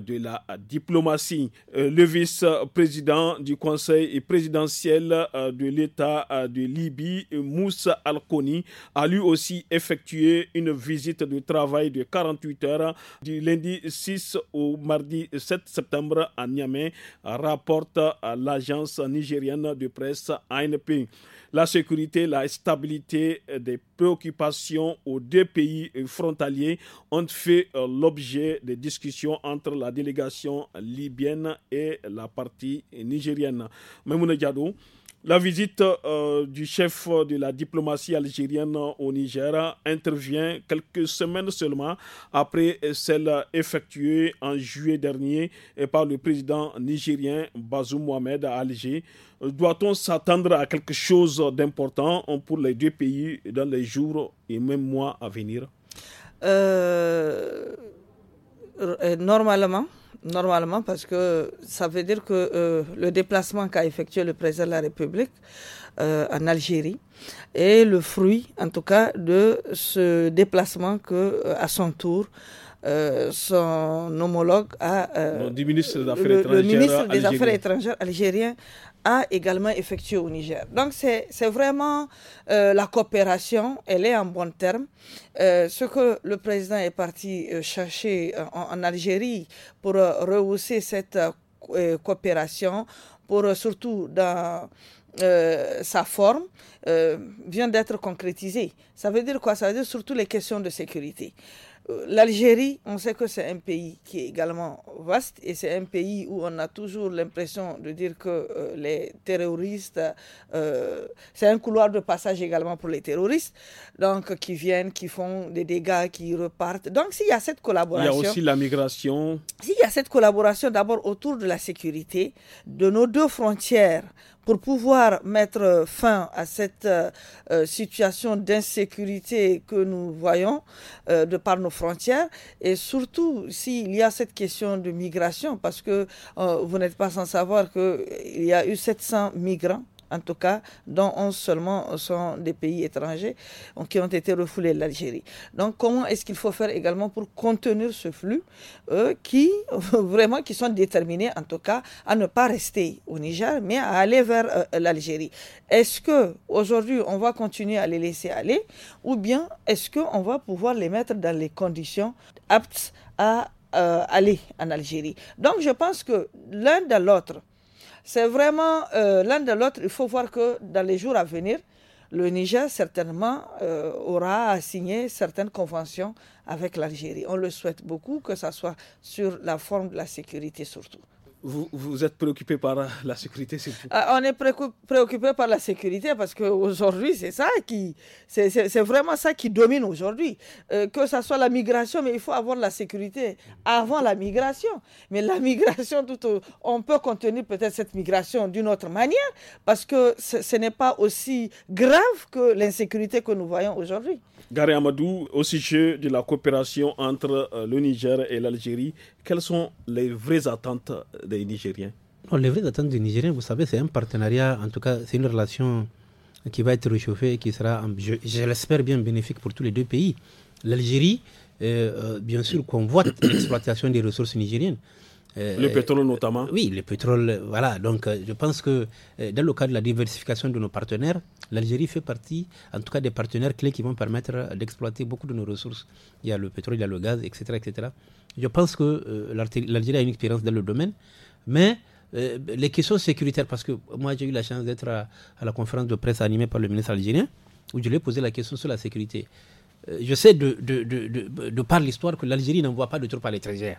de la diplomatie. Euh, le vice-président du Conseil présidentiel euh, de l'État euh, de Libye, Moussa al a lui aussi effectué une visite de travail de 48 heures du lundi 6 au mardi 7 septembre à Niamey, rapporte l'agence nigérienne de presse la sécurité, la stabilité euh, des préoccupations aux deux pays euh, frontaliers ont fait euh, l'objet de discussions entre la délégation libyenne et la partie nigérienne. La visite euh, du chef de la diplomatie algérienne au Niger intervient quelques semaines seulement après celle effectuée en juillet dernier par le président nigérien Bazoum Mohamed à Alger. Doit-on s'attendre à quelque chose d'important pour les deux pays dans les jours et même mois à venir euh, euh, Normalement, normalement, parce que ça veut dire que euh, le déplacement qu'a effectué le président de la République euh, en Algérie est le fruit, en tout cas, de ce déplacement que, euh, à son tour, son homologue a. ministre le, ministre des Affaires étrangères algérien a également effectué au Niger. Donc c'est vraiment euh, la coopération, elle est en bon terme. Euh, ce que le président est parti euh, chercher en, Algérie pour rehausser cette coopération, pour surtout dans sa forme vient d'être concrétisé. Ça veut dire quoi Ça veut dire surtout les questions de sécurité. Euh, L'Algérie, on sait que c'est un pays qui est également vaste et c'est un pays où on a toujours l'impression de dire que euh, les terroristes, euh, c'est un couloir de passage également pour les terroristes, donc qui viennent, qui font des dégâts, qui repartent. Donc s'il y a cette collaboration... Il y a aussi la migration. S'il y a cette collaboration d'abord autour de la sécurité, de nos deux frontières, pour pouvoir mettre fin à cette euh, euh, situation d'insécurité que nous voyons euh, de par nos frontières et surtout s'il y a cette question de migration parce que vous n'êtes pas sans savoir qu'il y a eu 700 migrants en tout cas, dont 11 seulement euh, sont des pays étrangers euh, qui ont été refoulés l'Algérie. Donc, comment est-ce qu'il faut faire également pour contenir ce flux euh, qui, vraiment, qui sont déterminés, en tout cas, à ne pas rester au Niger, mais à aller vers l'Algérie. Est-ce qu'aujourd'hui on va continuer à les laisser aller ou bien est-ce qu'on va pouvoir les mettre dans les conditions aptes à aller en Algérie. Donc je pense que l'un dans l'autre, c'est vraiment euh, l'un de l'autre. Il faut voir que dans les jours à venir, le Niger certainement euh, aura à signer certaines conventions avec l'Algérie. On le souhaite beaucoup, que ce soit sur la forme de la sécurité surtout vous, êtes préoccupé par la sécurité, c'est ah, on est préoccupé par la sécurité parce qu'aujourd'hui, c'est ça qui, c'est vraiment ça qui domine aujourd'hui. Euh, que ce soit la migration, mais il faut avoir la sécurité avant la migration. Mais la migration, tout on peut contenir peut-être cette migration d'une autre manière parce que ce n'est pas aussi grave que l'insécurité que nous voyons aujourd'hui. Gary Amadou, au sujet de la coopération entre euh, le Niger et l'Algérie, quelles sont les vraies attentes des Nigériens Les vraies attentes des Nigériens, vous savez, c'est un partenariat, en tout cas, c'est une relation qui va être réchauffée et qui sera, je, l'espère bien, bénéfique pour tous les deux pays. L'Algérie, euh, euh, bien sûr, convoite l'exploitation des ressources nigériennes. Euh, le pétrole notamment euh, Oui, le pétrole, voilà. Donc euh, je pense que dans le cadre de la diversification de nos partenaires, l'Algérie fait partie, en tout cas, des partenaires clés qui vont permettre d'exploiter beaucoup de nos ressources. Il y a le pétrole, il y a le gaz, etc. etc. Je pense que l'Algérie a une expérience dans le domaine, mais les questions sécuritaires, parce que moi j'ai eu la chance d'être à, la conférence de presse animée par le ministre algérien, où je lui ai posé la question sur la sécurité. je sais de, de, de par l'histoire que l'Algérie n'envoie pas de troupes à l'étranger.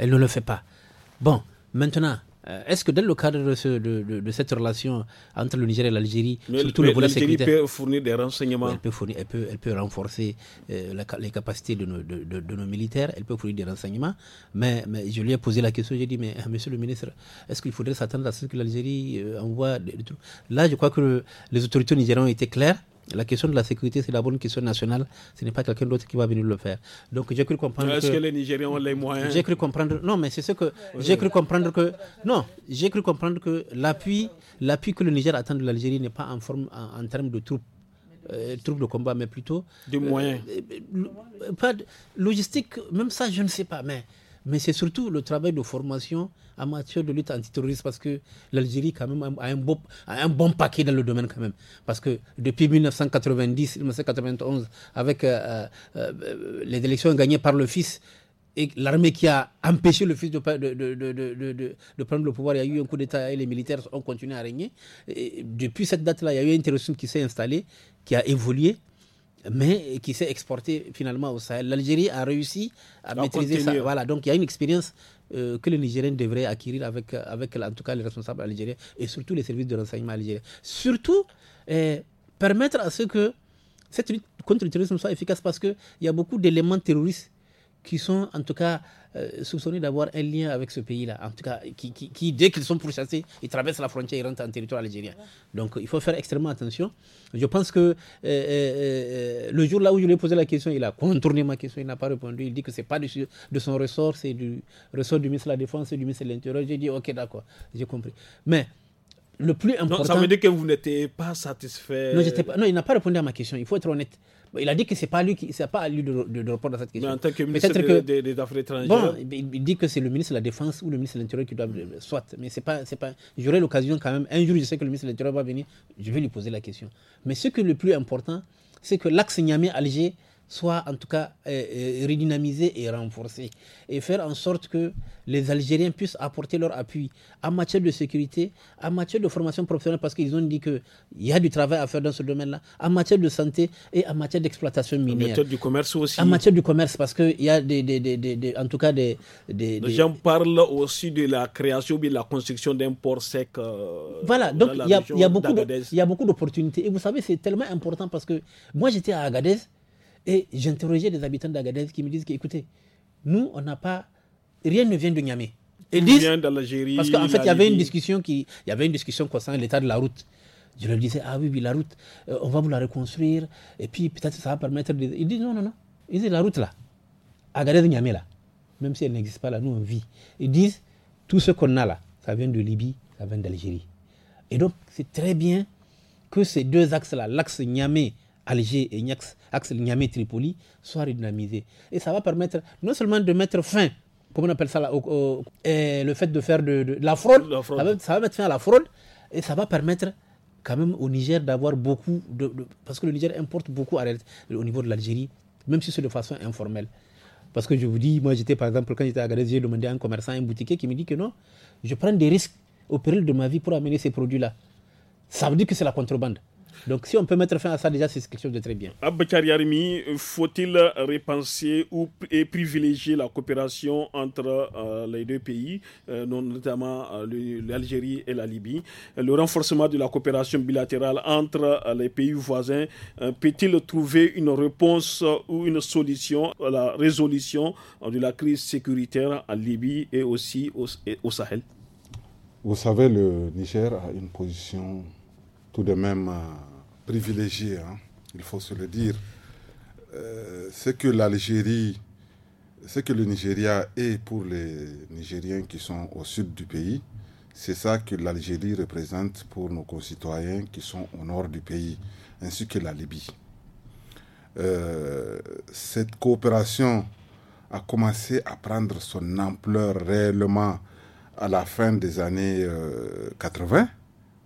Elle ne le fait pas. Bon, maintenant, euh, est-ce que dans le cadre de, cette relation entre le Niger et l'Algérie, surtout le volet sécuritaire, peut fournir des renseignements. Elle peut, fournir, elle peut, renforcer euh, les capacités de nos, militaires, elle peut fournir des renseignements. Mais, je lui ai posé la question, j'ai dit, mais euh, monsieur le ministre, est-ce qu'il faudrait s'attendre à ce que l'Algérie envoie des, Là, je crois que les autorités nigériennes ont été claires la question de la sécurité, c'est la bonne question nationale. Ce n'est pas quelqu'un d'autre qui va venir le faire. Donc j'ai cru comprendre. Est-ce que, les Nigériens ont les moyens J'ai cru comprendre. Non, mais c'est ce que j'ai cru comprendre que non, j'ai cru comprendre que l'appui, l'appui que le Niger attend de l'Algérie n'est pas en forme en, termes de troupes. Euh, troupes de combat, mais plutôt. De moyens. Euh, euh, pas de, logistique, même ça, je ne sais pas. Mais mais c'est surtout le travail de formation en matière de lutte antiterroriste parce que l'Algérie quand même a un, beau, a un, bon paquet dans le domaine quand même. Parce que depuis 1990, 1991, avec euh, euh, euh, les élections gagnées par le fils, et l'armée qui a empêché le fils de, prendre le pouvoir, il y a eu un coup d'État et les militaires ont continué à régner. depuis cette date-là, il y a eu un terrorisme qui s'est installé, qui a évolué, mais qui s'est exporté finalement au Sahel. L'Algérie a réussi à, maîtriser ça. Voilà, donc il y a une expérience euh, que le Nigériens devrait acquérir avec, euh, avec en tout cas les responsables algériens et surtout les services de renseignement algériens. Surtout, euh, permettre à ce que cette lutte contre le terrorisme soit efficace parce qu'il y a beaucoup d'éléments terroristes qui sont en tout cas euh, sous d'avoir un lien avec ce pays-là, en tout cas, qui, dès qu'ils sont pourchassés, ils traversent la frontière et rentrent en territoire algérien. Donc il faut faire extrêmement attention. Je pense que euh, euh, le jour là où je lui ai posé la question, il a contourné ma question, il n'a pas répondu. Il dit que ce n'est pas de, de, son ressort, c'est du ressort du ministre de la Défense et du ministre de l'Intérieur. J'ai dit, ok, d'accord, j'ai compris. Mais le plus important. Donc ça veut dire que vous n'étiez pas satisfait. non il n'a pas répondu à ma question, il faut être honnête. Il a dit que c'est pas lui qui, pas à lui de, de, répondre à cette question. Mais en tant que ministre des, des, Affaires étrangères. Bon, il dit que c'est le ministre de la Défense ou le ministre de l'Intérieur qui doit, euh, soit. Mais c'est pas, pas. J'aurai l'occasion quand même. Un jour, je sais que le ministre de l'Intérieur va venir. Je vais lui poser la question. Mais ce que le plus important, c'est que l'axe Niamey-Alger soit en tout cas euh, euh et renforcé et faire en sorte que les Algériens puissent apporter leur appui en matière de sécurité, en matière de formation professionnelle, parce qu'ils ont dit qu'il y a du travail à faire dans ce domaine-là, en matière de santé et en matière d'exploitation minière. En matière du commerce aussi. En matière du commerce, parce qu'il y a des, des, des, en tout cas des... des les gens parlent aussi de la création ou de la construction d'un port sec. Euh, voilà, donc il y, y, a beaucoup d'opportunités. Et vous savez, c'est tellement important parce que moi j'étais à Agadez. Et j'interrogeais des habitants d'Agadez qui me disent que, écoutez, nous, on n'a pas. Rien ne vient de Niamey. Ils disent. Vient parce qu'en fait, il y avait une discussion qui. Il y avait une discussion concernant l'état de la route. Je leur disais, ah oui, oui, la route, euh, on va vous la reconstruire. Et puis, peut-être ça va permettre. Ils disent, non, non, non. Ils disent, la route là, Agadez Niamey là, même si elle n'existe pas là, nous, on vit. Ils disent, tout ce qu'on a là, ça vient de Libye, ça vient d'Algérie. Et donc, c'est très bien que ces deux axes-là, l'axe Niamey, Alger et axe Niamey-Tripoli soit redynamisés. Et ça va permettre non seulement de mettre fin, comment on appelle ça, là, eh, le fait de faire de, la fraude, Ça, va, mettre fin à la fraude, et ça va permettre quand même au Niger d'avoir beaucoup, de, parce que le Niger importe beaucoup au niveau de l'Algérie, même si c'est de façon informelle. Parce que je vous dis, moi j'étais par exemple, quand j'étais à Gadez, j'ai demandé à un commerçant, un boutiquier qui me dit que non, je prends des risques au péril de ma vie pour amener ces produits-là. Ça veut dire que c'est la contrebande. Donc si on peut mettre fin à ça, déjà, c'est quelque chose de très bien. Abbakar Yarimi, faut-il repenser ou, et privilégier la coopération entre euh, les deux pays, euh, notamment euh, l'Algérie et la Libye Le renforcement de la coopération bilatérale entre les pays voisins peut-il trouver une réponse ou une solution à la résolution de la crise sécuritaire en Libye et aussi au Sahel Vous savez, le Niger a une position tout de même euh, privilégié, hein, il faut se le dire. Euh, ce que l'Algérie, ce que le Nigeria est pour les Nigériens qui sont au sud du pays, c'est ça que l'Algérie représente pour nos concitoyens qui sont au nord du pays, ainsi que la Libye. Euh, cette coopération a commencé à prendre son ampleur réellement à la fin des années 80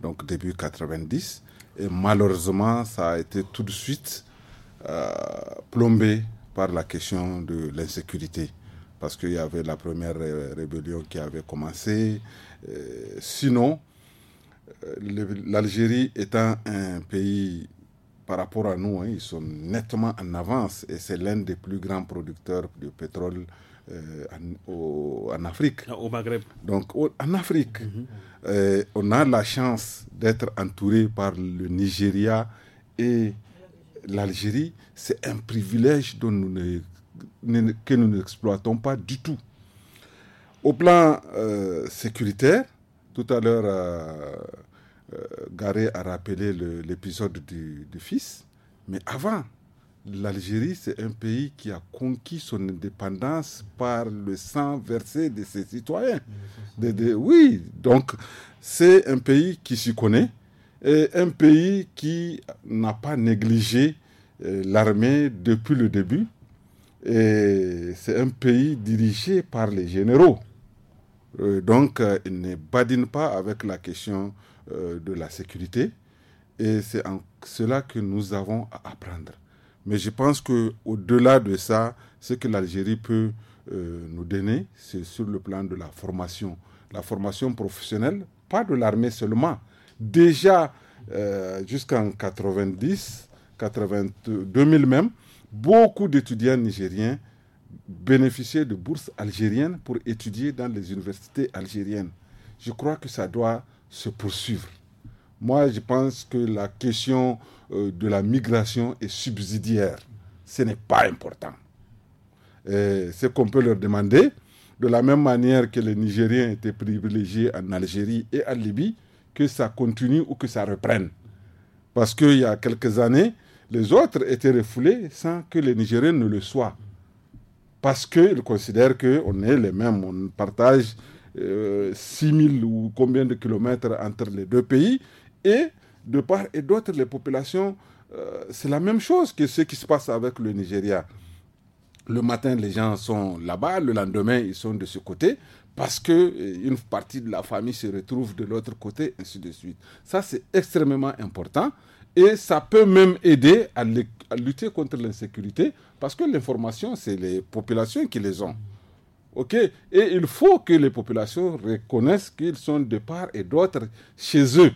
donc début 90. Et malheureusement, ça a été tout de suite euh, plombé par la question de l'insécurité. Parce qu'il y avait la première rébellion qui avait commencé. sinon, euh, l'Algérie étant un pays par rapport à nous, hein, ils sont nettement en avance et c'est l'un des plus grands producteurs de pétrole euh, en, Afrique. Ah, au Maghreb. Donc en Afrique, euh, on a la chance d'être entouré par le Nigeria et l'Algérie. C'est un privilège nous que nous n'exploitons pas du tout. Au plan euh, sécuritaire, tout à l'heure euh, Garé a rappelé l'épisode du, fils, mais avant, l'Algérie, c'est un pays qui a conquis son indépendance par le sang versé de ses citoyens. oui, donc c'est un pays qui s'y connaît et un pays qui n'a pas négligé euh, l'armée depuis le début. Et c'est un pays dirigé par les généraux. Euh, donc, il ne badine pas avec la question euh, de la sécurité. Et c'est en cela que nous avons à apprendre. Mais je pense qu'au-delà de ça, ce que l'Algérie peut euh, nous donner, c'est sur le plan de la formation. La formation professionnelle, pas de l'armée seulement. Déjà euh, jusqu'en 90, 2000 même, beaucoup d'étudiants nigériens bénéficiaient de bourses algériennes pour étudier dans les universités algériennes. Je crois que ça doit se poursuivre. Moi, je pense que la question euh, de la migration est subsidiaire. Ce n'est pas important. Ce qu'on peut leur demander, de la même manière que les Nigériens étaient privilégiés en Algérie et en Libye, que ça continue ou que ça reprenne. Parce qu'il y a quelques années, les autres étaient refoulés sans que les Nigériens ne le soient. Parce qu'ils considèrent qu'on est les mêmes, on partage 6 000 ou combien de kilomètres entre les deux pays. Et de part et d'autre, les populations, euh, c'est la même chose que ce qui se passe avec le Nigeria. Le matin, les gens sont là-bas, le lendemain, ils sont de ce côté, parce que euh, une partie de la famille se retrouve de l'autre côté, ainsi de suite. Ça, c'est extrêmement important et ça peut même aider à lutter contre l'insécurité, parce que l'information, c'est les populations qui les ont. Ok, et il faut que les populations reconnaissent qu'ils sont de part et d'autre chez eux.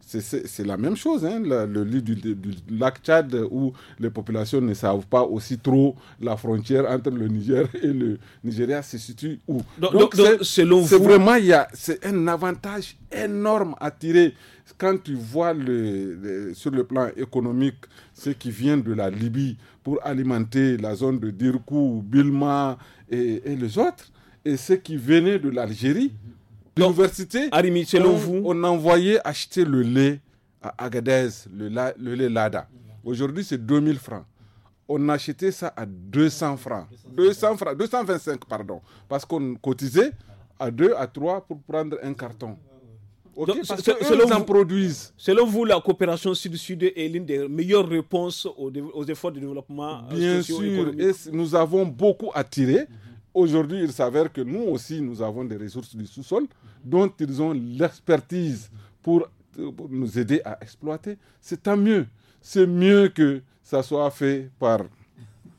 C'est la même chose, hein, le, lit du, du, lac Tchad où les populations ne savent pas aussi trop la frontière entre le Niger et le Nigeria se situe où. Donc, selon vous, vraiment il c'est un avantage énorme à tirer quand tu vois le, sur le plan économique ce qui vient de la Libye pour alimenter la zone de Dirkou, Bilma et, les autres, et ceux qui venaient de l'Algérie, l'université, on, envoyait acheter le lait à Agadez, le, lait Lada. Aujourd'hui, c'est 2000 francs. On achetait ça à 200 francs. 200 francs, 225, pardon. Parce qu'on cotisait à 2, à 3 pour prendre un carton parce selon, vous, en produisent. selon vous, la coopération sud-sud est l'une des meilleures réponses aux, efforts de développement euh, Bien sûr, nous avons beaucoup attiré. tirer. Mhm. Aujourd'hui, il s'avère que nous aussi, nous avons des ressources du sous-sol mhm. dont ils ont l'expertise pour, nous aider à exploiter. C'est tant mieux. C'est mieux que ça soit fait par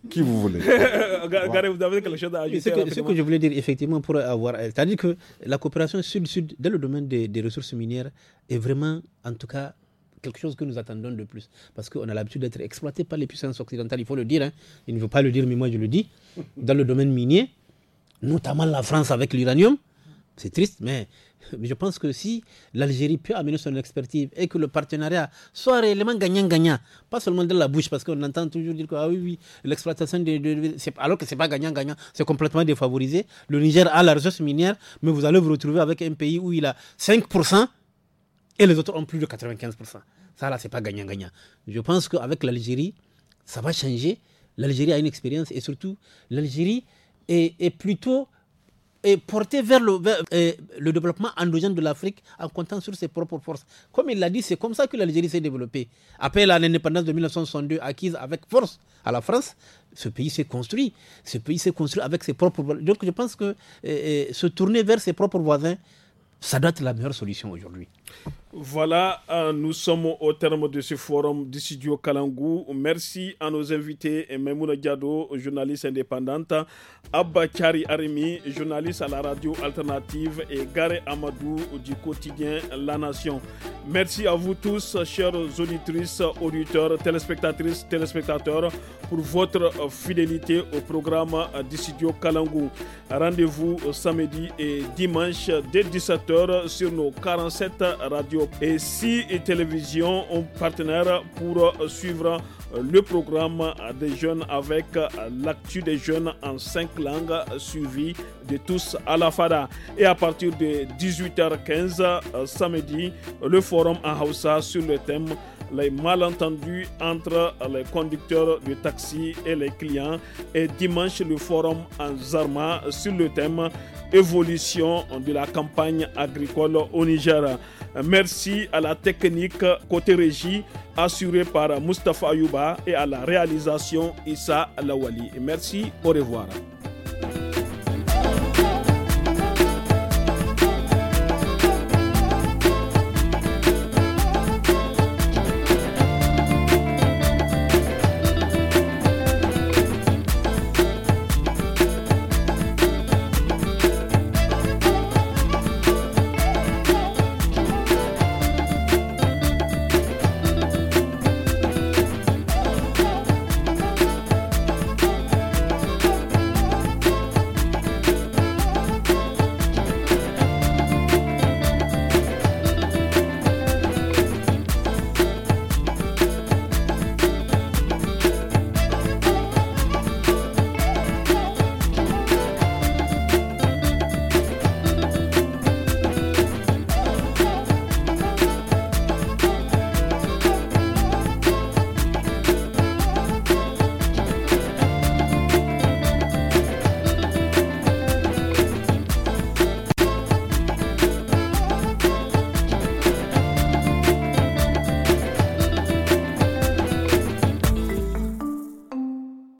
qui vous voulez. vous avez quelque chose à ajouter ce que, je voulais dire, effectivement, pour avoir. Euh, c'est-à-dire que la coopération sud-sud, dans le domaine des, ressources minières, est vraiment, en tout cas, quelque chose que nous attendons de plus. Parce qu'on a l'habitude d'être exploité par les puissances occidentales, il faut le dire. Hein. Il ne veut pas le dire, mais moi je le dis. Dans le domaine minier, notamment la France avec l'uranium, c'est triste, mais mais je pense que si l'Algérie peut amener son expertise et que le partenariat soit réellement gagnant-gagnant, pas seulement de la bouche, parce qu'on entend toujours dire que ah oui, l'exploitation des... alors que ce n'est pas gagnant-gagnant, c'est complètement défavorisé. Le Niger a la ressource minière, mais vous allez vous retrouver avec un pays où il a 5% et les autres ont plus de 95%. Ça là, c'est pas gagnant-gagnant. Je pense qu'avec l'Algérie, ça va changer. L'Algérie a une expérience et surtout, l'Algérie est plutôt et porter vers euh, le, développement endogène de l'Afrique en comptant sur ses propres forces. Comme il l'a dit, c'est comme ça que l'Algérie s'est développée. Après l'indépendance de 1962 acquise avec force à la France, ce pays s'est construit. Ce pays s'est construit avec ses propres... Donc je pense que euh, euh, se tourner vers ses propres voisins, ça doit être la meilleure solution aujourd'hui. Voilà, euh, nous sommes au terme de ce forum d'Issidio Kalangou. Merci à nos invités, Memouna Diado, journaliste indépendante, Abba Chari Arimi, journaliste à la radio alternative, et Gare Amadou du quotidien La Nation. Merci à vous tous, chers auditrices, auditeurs, téléspectatrices, téléspectateurs, pour votre fidélité au programme d'Issidio Kalangou. Rendez-vous samedi et dimanche dès 17h sur nos 47 radios et et télévision ont partenaire pour euh, suivre euh, le programme des jeunes avec euh, l'actu des jeunes en cinq langues suivi de tous à la FADA. Et à partir de 18h15 samedi, le forum en Hausa sur le thème les malentendus entre les conducteurs de taxi et les clients et dimanche le forum en Zarma sur le thème évolution de la campagne agricole au Niger. Merci à la technique côté régie assurée par Mustafa Ayouba et à la réalisation Issa Lawali. Merci, au revoir.